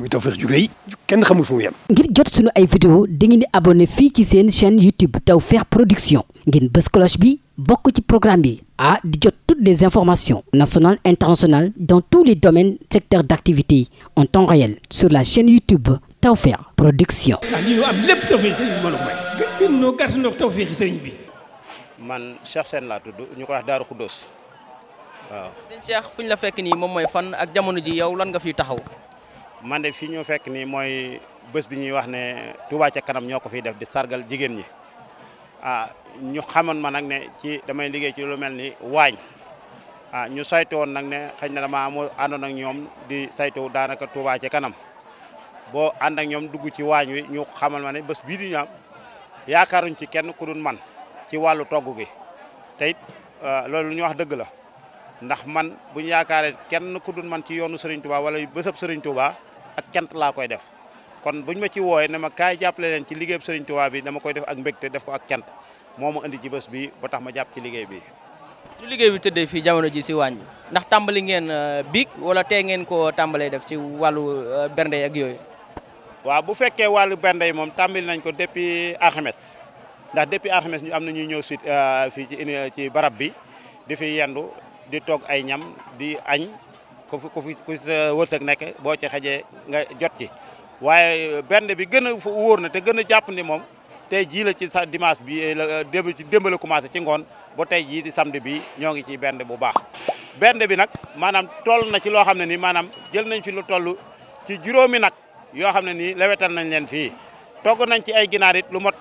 muy Tawfekh ju rëy kenn xamul fu mu yem. ngir jot sunu ay vidéo dangeen di abonné fii ci seen chaîne YouTube Tawfekh Production ngeen bës cloche bi bokk ci programme bi ah di jot toutes les informations national internationales dans tous les domaines secteurs d'activité en temps réel sur la chaine YouTube Tawfekh Production. ah lii ñu am lépp Tawfekh sëriñ bi mbooloo mooy. man Cheikh Sène laa tudd ñu koy wax Darou Khoudoss waaw. sëñ Cheikh fu ñu la fekk nii moom mooy fan ak jamono ji yow lan nga fi taxaw. man de fii ñu fekk nii mooy bës bi ñuy wax ne Touba ca kanam ñoo ko fiy def di sargal jigéen ñi a ah, ñu xamoon ma nag ne ci damay liggéey ci lu mel ni waañ a ah, ñu saytu woon nag ne xañ na dama amoo àndoon ak ñoom di saytu daanaka Touba ca kanam boo ànd ak ñoom dugg ci waañ wi ñu xamal ma ne bés bii di ñaam yaakaaruñ ci kenn ku dul man ci wàllu togg gi te ah, loolu lu ñu wax dëgg la ndax man bu ñu yaakaaree kenn ku dul man ci yoonu Serigne Touba wala bésab Serigne Touba. ak cant laa koy def kon buñ ma ci wooyee ne ma kaay jàppale leen ci liggéey Serigne Touba bi dama koy def ak mbégte def ko ak cant moo ma indi ci bés bi boo tax ma jàpp ci liggéey bi. lu liggéey bi tëddee fi jamono ji si waañ bi ndax tàmbali ngeen euh, biig wala tey ngeen ko tàmbalee def ci wàllu euh, bernde ak yooyu. waaw bu fekkee wàllu bernde moom tàmbali nañ ko depuis alxames ndax depuis alxames ñu am na ñuy ñëw si euh, fii ci ci barab bi di fi yendu di toog ay ñam di añ. ko fi ku fi ku sa wërsëg nekk boo ci xajee nga jot ci waaye euh, benn bi gën a wóor na te gën a jàpp ni moom te jii la ci sa dimanche bi euh, la euh, démb ci démb commencé ci ngoon ba tey jii di samedi bi ñoo ngi ci benn bu baax benn bi nag maanaam toll na ci loo xam ne nii maanaam jël nañ fi lu toll ci juróomi nag yoo xam ne nii lewetal nañ leen fi togg nañ ci ay ginaar it lu mot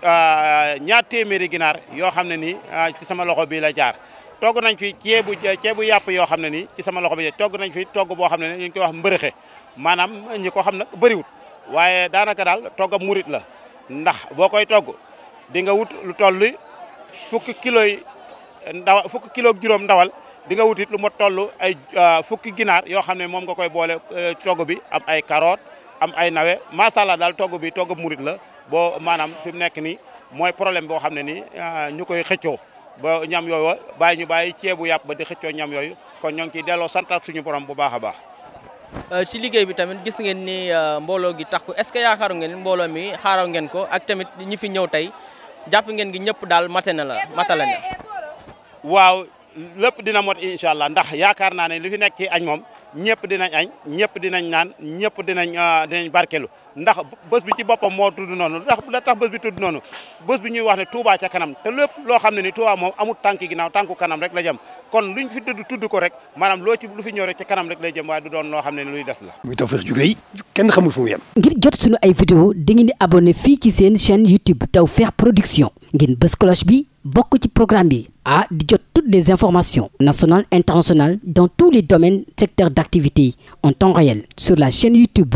ñaar téeméeri ginaar yoo xam ne nii ci sama loxo bii la jaar togg nañ fi ceebu ceebu yàpp yoo xam ne nii ci sama loxo bi togg toog fi togg boo xam ne ni ñu koy wax mbërëxe maanaam ñi ko xam na bëriwut waaye daanaka daal toggam murit la ndax boo koy togg di nga wut lu toll fukki kilo yi ndaw fukki kilo juróom ndawal di nga wutit lu ma toll ay ah, fukki ginaar yoo xam ne moom nga koy boole eh, togg bi am ay carotte am ay nawe macha allah daal toogu bi tooga murit la bo maanaam fi mu nekk nii mooy problème boo xam ne nii ah, ñu koy xëccoo ba ñam yooyu bàyyi ñu bàyyi ceebu yàpp ba di xëccoo ñam yooyu kon ñoo ngi ciy delloo santaat suñu borom bu baax a baax. Euh, ci liggéey bi tamit gis ngeen ni euh, mbooloo gi takku est-ce que yaakaaru ngeen mbooloo mi xaaraw ngeen ko ak tamit ñi fi ñëw tey jàpp ngeen gi ñëpp daal mate na la matala na. waaw lépp dina mot incha allah ndax yaakaar naa ne li fi nekk añ moom ñëpp dinañ añ ñëpp dinañ naan ñëpp dinañ euh, dinañ barkelu ndax bés bi ci boppam moo tudd noonu ndax la tax bés bi tudd noonu bés bi ñuy wax ne Touba ca kanam te lépp loo xam ne ni Touba moom amul tànk ginnaaw tànku kanam rek la jëm kon luñ fi tudd tudd ko rek maanaam loo lu fi ñëw rek ca kanam rek lay jëm waaye du doon loo xam ne ni luy des la. muy Tawfekh ju rëy kenn xamul fu mu yem. ngir jot suñu ay vidéo dangeen di abonné fii ci seen chaîne YouTube Tawfekh Production ngeen bés cloche bi bokk ci programme bi ah jot toutes les informations nationales internationales dans les domaines secteurs d'activité en temps réel sur la chaîne YouTube.